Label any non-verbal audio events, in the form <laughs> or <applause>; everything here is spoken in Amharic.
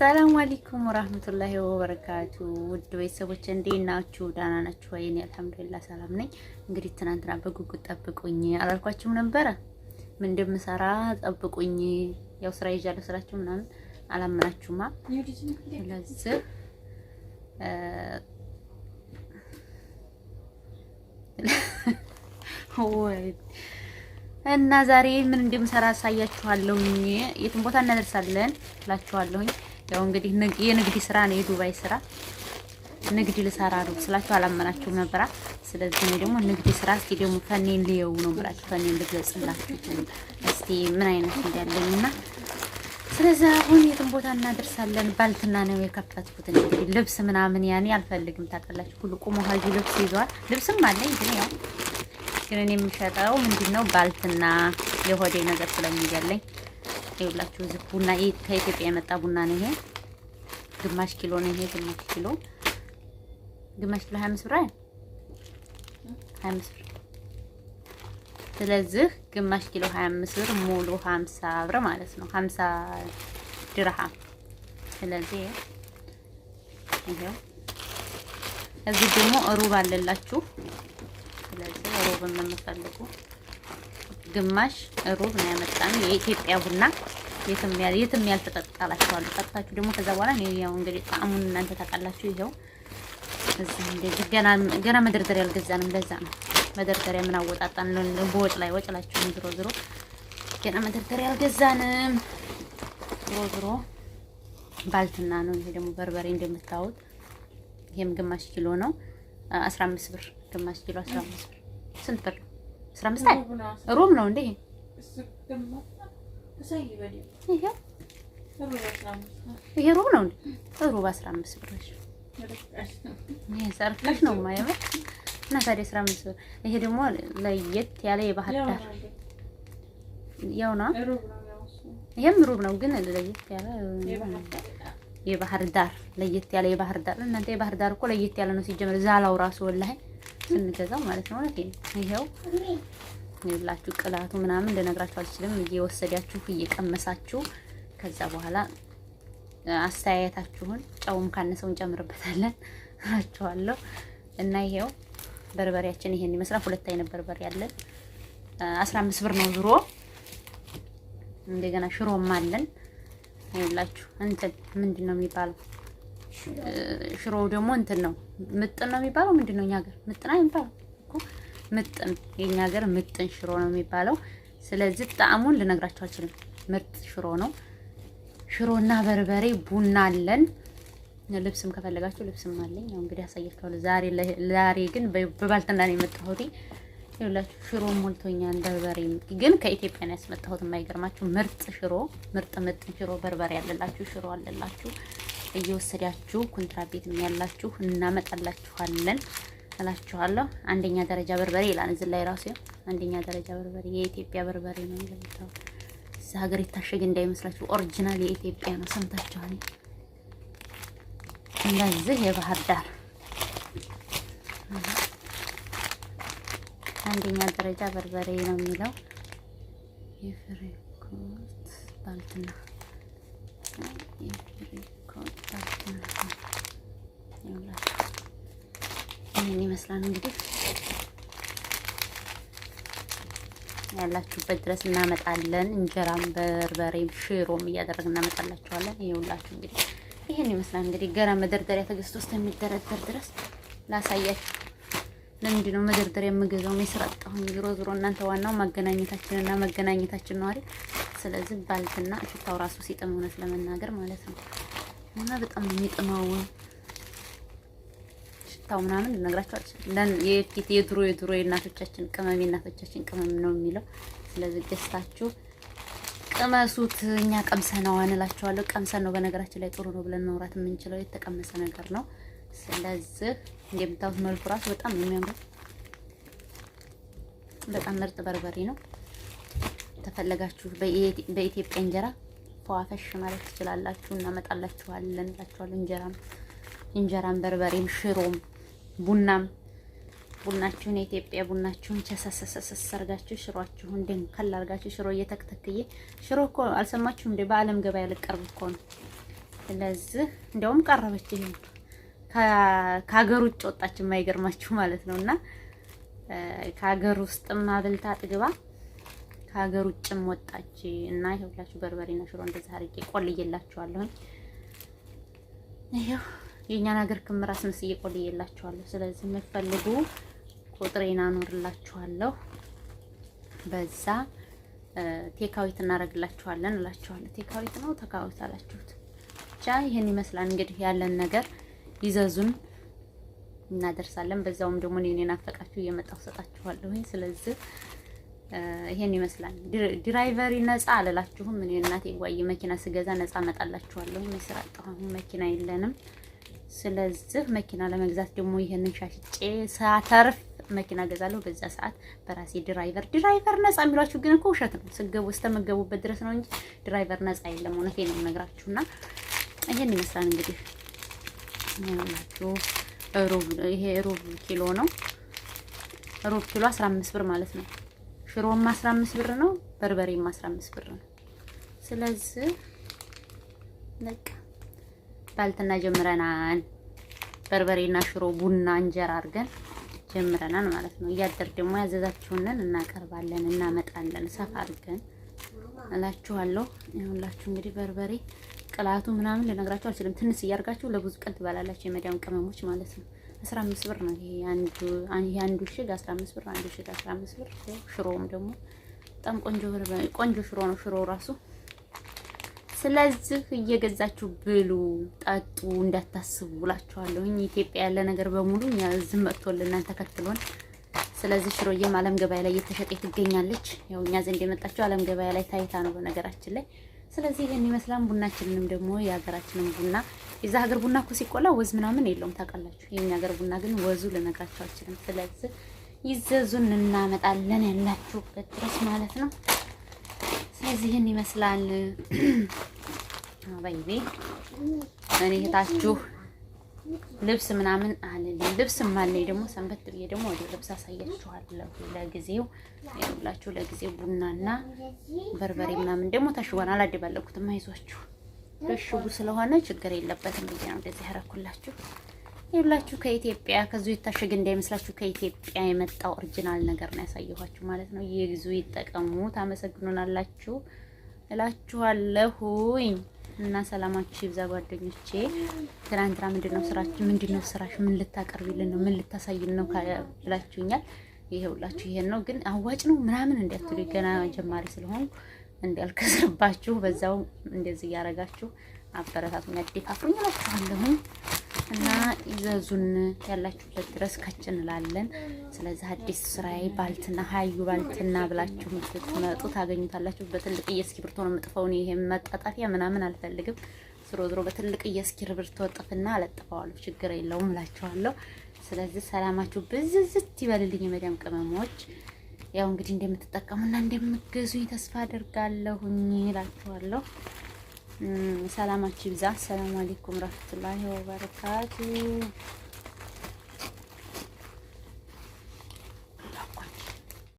ሰላም አለይኩም ወራህመቱላሂ ወበረካቱ። ውድ ቤተሰቦች እንዴት ናችሁ? ደህና ናችሁ ወይ? እኔ አልሐምዱሊላህ ሰላም ነኝ። እንግዲህ ትናንትና በጉጉት ጠብቁኝ አላልኳችሁም ነበረ? ምን እንደምሰራ ጠብቁኝ፣ ያው ስራ ይዣለሁ ስላችሁ ምናምን አላመናችሁማ። ስለዚህ <laughs> ወይ እና ዛሬ ምን እንደምሰራ አሳያችኋለሁኝ። የትም ቦታ እናደርሳለን እላችኋለሁኝ። ያው እንግዲህ የንግድ ስራ ነው፣ የዱባይ ስራ ንግድ ልሰራ ነው ስላችሁ አላመናችሁም ነበር። ስለዚህ እኔ ደግሞ ንግድ ስራ እስቲ ደግሞ ፈኔን ልየው ነው ብላችሁ ፈኔን ልገልጽላችሁ እስቲ ምን አይነት እንዳለኝና ስለዚህ አሁን የትም ቦታ እናደርሳለን። ባልትና ነው የከፈትኩት። እንግዲህ ልብስ ምናምን ያኔ አልፈልግም ታውቃላችሁ። ሁሉ ቁሞ ሀጂ ልብስ ይዟል። ልብስም አለኝ ግን ያው ግን እኔ የምሸጠው ምንድን ነው ባልትና የሆዴ ነገር ስለሚገለኝ ይኸውላችሁ እዚህ ቡና ከኢትዮጵያ የመጣ ቡና ነው። ይሄ ግማሽ ኪሎ ነው። ይሄ ግማሽ ኪሎ ግማሽ ኪሎ 25 ብር አይደል? 25 ብር። ስለዚህ ግማሽ ኪሎ 25 ብር ሙሉ 50 ብር ማለት ነው። 50 ድርሃም። ስለዚህ ይሄው እዚህ ደግሞ ሩብ አለላችሁ። ስለዚህ ሩብ የምትፈልጉ ግማሽ ሩብ ነው ያመጣን የኢትዮጵያ ቡና የትም ያልተጠጣላችኋል። ጠጣችሁ ደግሞ ከዛ በኋላ ነው ያው እንግዲህ ጣዕሙን እናንተ ታውቃላችሁ። ይሄው እዚህ እንደዚህ ገና ገና መደርደሪያ አልገዛንም። ለዛ ነው መደርደሪያ ምን አወጣጣን ነው በወጭ ላይ ወጭላችሁን። ዝሮ ዝሮ ገና መደርደሪያ አልገዛንም። ዝሮ ዝሮ ባልትና ነው። ይሄ ደግሞ በርበሬ እንደምታዩት ይሄም ግማሽ ኪሎ ነው 15 ብር። ግማሽ ኪሎ 15 ብር። ስንት ብር አስራ አምስት አይደል ሮም ነው እንዴ? ይሄ ሩብ ነው እንዴ? ሩብ አስራ አምስት ብር ይሄ ነው የማይበር እና ታዲያ አስራ አምስት ብር ይሄ ደግሞ ለየት ያለ የባህር ዳር ያው ነው። ይሄም ሩብ ነው ግን ለየት ያለ የባህር ዳር ለየት ያለ የባህር ዳር እናንተ የባህር ዳር እኮ ለየት ያለ ነው ሲጀመር ዛላው ራሱ ወላሂ ስንገዛው ማለት ነው። እውነቴን ይኸው ይላችሁ ቅላቱ ምናምን ልነግራችሁ አልችልም። እየወሰዳችሁ እየቀመሳችሁ ከዛ በኋላ አስተያየታችሁን ጨውም ካነሰው እንጨምርበታለን <laughs> እላችኋለሁ። እና ይሄው በርበሬያችን ይሄን ይመስላል። ሁለት አይነት በርበሬ አለን። 15 ብር ነው ዙሮ። እንደገና ሽሮም አለን። ይላችሁ እንትን ምንድን ነው የሚባለው ሽሮ ደግሞ እንትን ነው ምጥን ነው የሚባለው። ምንድን ነው እኛ ሀገር ምጥን የሚባለው እኮ ምጥን፣ የኛ ሀገር ምጥን ሽሮ ነው የሚባለው። ስለዚህ ጣዕሙን ልነግራቸው አልችልም። ምርጥ ሽሮ ነው። ሽሮና በርበሬ ቡና አለን። ልብስም ከፈለጋችሁ ልብስም አለኝ። ያው እንግዲህ አሳያችኋለሁ። ዛሬ ዛሬ ግን በባልትና ነው የመጣሁት። ይኸውላችሁ ሽሮ ሞልቶኛ በርበሬ ግን ከኢትዮጵያ ነው ያስመጣሁት። የማይገርማችሁ ምርጥ ሽሮ ምርጥ ምጥን ሽሮ በርበሬ አለላችሁ፣ ሽሮ አለላችሁ። እየወሰዳችሁ ኮንትራት ቤትም ያላችሁ እናመጣላችኋለን እላችኋለሁ። አንደኛ ደረጃ በርበሬ ይላል እዚህ ላይ ራሱ አንደኛ ደረጃ በርበሬ የኢትዮጵያ በርበሬ ነው የሚለው። እዚህ ሀገር የታሸገ እንዳይመስላችሁ ኦሪጂናል የኢትዮጵያ ነው። ሰምታችኋል። እንደዚህ የባህር ዳር አንደኛ ደረጃ በርበሬ ነው የሚለው የፍሬኮት ባልትና ከወጣችሁ ማለት ነው። ይህን ይመስላል እንግዲህ ያላችሁበት ድረስ እናመጣለን። እንጀራም በርበሬም ሽሮም እያደረግን እናመጣላችኋለን። ይኸውላችሁ እንግዲህ ይህን ይመስላል እንግዲህ ገና መደርደሪያ ተገዝቶ እስከሚደረደር ድረስ ላሳያችሁ። ለምንድን ነው መደርደሪያ የምገዛው? የስረጣሁኝ ዞሮ ዞሮ እናንተ ዋናው ማገናኘታችንና መገናኘታችን ነው አይደል? ስለዚህ ባልትና ሽታው ራሱ ሲጥም እውነት ለመናገር ማለት ነው። እና በጣም ነው የሚጥመው ሽታው ምናምን ልነግራችሁ አልችልም። የድሮ የድሮ የእናቶቻችን ቅመም የእናቶቻችን ቅመም ነው የሚለው። ስለዚህ ገዝታችሁ ቅመሱት። እኛ ቀምሰነዋን እላችኋለሁ። ቀምሰን ነው በነገራችን ላይ ጥሩ ነው ብለን መውራት የምንችለው የተቀመሰ ነገር ነው። ስለዚህ እንደምታዩት መልኩ ራሱ በጣም የሚያምር በጣም ምርጥ በርበሬ ነው። ተፈለጋችሁ በኢትዮጵያ እንጀራ ፏፈሽ ማለት ትችላላችሁ። እናመጣላችኋለን ላችኋል። እንጀራም እንጀራም በርበሬም ሽሮም ቡናም ቡናችሁን የኢትዮጵያ ቡናችሁን ቸሰሰሰሰ አርጋችሁ ሽሮአችሁን ድንከል አርጋችሁ ሽሮ እየተክተክዬ ሽሮ እኮ አልሰማችሁም እንዴ? በዓለም ገበያ ልቀርብ እኮ ነው። ስለዚህ እንደውም ቀረበች። ይሄ ከሀገር ውጭ ወጣች የማይገርማችሁ ማለት ነውና ከሀገር ውስጥም አብልታ ጥግባ ከሀገር ውጭም ወጣች እና ይኸውላችሁ በርበሬና ሽሮ እንደዚህ አድርጌ ቆልዬላችኋለሁኝ። ይኸው የእኛን ሀገር ክምር አስመስዬ ቆልዬላችኋለሁ። ስለዚህ የምትፈልጉ ቁጥሬን አኖርላችኋለሁ። በዛ ቴካዊት እናደርግላችኋለን እላችኋለሁ። ቴካዊት ነው ተካዊት አላችሁት። ብቻ ይህን ይመስላል እንግዲህ ያለን ነገር ይዘዙን እናደርሳለን። በዛውም ደግሞ እኔን ናፈቃችሁ እየመጣሁ ሰጣችኋለሁ። ስለዚህ ይሄን ይመስላል። ድራይቨሪ ነፃ አልላችሁም። እኔ እናቴ ጓዬ መኪና ስገዛ ነፃ መጣላችኋለሁ። ስራ መኪና የለንም። ስለዚህ መኪና ለመግዛት ደግሞ ይሄንን ሻሽጬ ሳተርፍ መኪና ገዛለሁ። በዛ ሰዓት በራሴ ድራይቨር ድራይቨር ነፃ የሚሏችሁ ግን እኮ ውሸት ነው። ስገቡ እስከምገቡበት ድረስ ነው እንጂ ድራይቨር ነፃ የለም። እውነቴን ነው የምነግራችሁና ይሄን ይመስላል እንግዲህ ያላችሁ ሩብ ይሄ ሩብ ኪሎ ነው። ሩብ ኪሎ 15 ብር ማለት ነው። ሽሮም 15 ብር ነው፣ በርበሬም 15 ብር ነው። ስለዚህ በቃ ባልትና ጀምረናል። በርበሬና ሽሮ ቡና እንጀራ አድርገን ጀምረናል ማለት ነው። እያደር ደግሞ ያዘዛችሁንን እናቀርባለን፣ እናመጣለን ሰፋ አድርገን እላችኋለሁ። ይሁንላችሁ እንግዲህ በርበሬ ቅላቱ ምናምን ልነግራችሁ አልችልም። ትንሽ እያርጋችሁ ለብዙ ቀን ትበላላችሁ፣ የመዳም ቅመሞች ማለት ነው። አስራ አምስት ብር ነው ይሄ አንዱ አንዱ እሽግ አስራ አምስት ብር አንዱ እሽግ አስራ አምስት ብር። ሽሮውም ደግሞ በጣም ቆንጆ ቆንጆ ሽሮ ነው ሽሮው ራሱ። ስለዚህ እየገዛችሁ ብሉ፣ ጠጡ እንዳታስቡ ብላችኋለሁኝ። ኢትዮጵያ ያለ ነገር በሙሉ እኛ እዚህ መጥቶልናን ተከትሎን ስለዚህ ሽሮዬም አለም ገበያ ላይ እየተሸጠ ትገኛለች። ያው እኛ ዘንድ የመጣችው ዓለም ገበያ ላይ ታይታ ነው በነገራችን ላይ። ስለዚህ ይሄን ይመስላል። ቡናችንንም ደግሞ የሀገራችንን ቡና የዛ ሀገር ቡና እኮ ሲቆላ ወዝ ምናምን የለውም ታውቃላችሁ። የኛ ሀገር ቡና ግን ወዙ ልነግራችሁ አልችልም። ስለዚህ ይዘዙን እናመጣለን ያላችሁበት ድረስ ማለት ነው። ስለዚህ ይህን ይመስላል ባይ እኔ እህታችሁ ልብስ ምናምን አለልኝ ልብስ ማለኝ ደግሞ ሰንበት ብዬ ደግሞ ወደ ልብስ አሳያችኋለሁ። ለጊዜው ያውላችሁ ለጊዜው ቡናና በርበሬ ምናምን ደግሞ ታሽጓን አላደባለኩትም አይዟችሁ። በሽጉ ስለሆነ ችግር የለበትም ብዬ ነው እንደዚህ ያረኩላችሁ። ይኸውላችሁ ከኢትዮጵያ ከዚሁ የታሸገ እንዳይመስላችሁ ከኢትዮጵያ የመጣው ኦሪጂናል ነገር ነው ያሳየኋችሁ ማለት ነው። ይህ የግዙ ይጠቀሙ፣ ታመሰግኑናላችሁ እላችኋለሁኝ። እና ሰላማችሁ ይብዛ ጓደኞቼ። ትናንትና ምንድነው ስራችሁ? ምንድነው ስራሽ? ምን ልታቀርቢልን ነው? ምን ልታሳይን ነው ብላችሁኛል። ይሄውላችሁ ይሄን ነው ግን አዋጭ ነው ምናምን እንዲያትሉ ገና ጀማሪ ስለሆኑ እንዳልከስርባችሁ በዛው እንደዚህ እያረጋችሁ አበረታቱኝ፣ አደፋፍሩኝ እላችኋለሁኝ እና ይዘዙን ያላችሁበት ድረስ ከች እንላለን። ስለዚህ አዲስ ስራዬ ባልትና ሀዩ ባልትና ብላችሁ ምትመጡ ታገኙታላችሁ። በትልቅ የእስክሪብቶ ነው የምጥፈው። ይሄ መጣጣፊያ ምናምን አልፈልግም። ዝሮ ዝሮ በትልቅ የእስክሪብቶ ጥፍና አለጥፈዋለሁ፣ ችግር የለውም እላችኋለሁ። ስለዚህ ሰላማችሁ ብዝዝት ይበልልኝ የመዳም ቅመሞች። ያው እንግዲህ እንደምትጠቀሙና እንደምትገዙኝ ተስፋ አደርጋለሁኝ እላችኋለሁ። ሰላማችሁ ይብዛ። ሰላም አለይኩም ረህመቱላሂ ወበረካቱ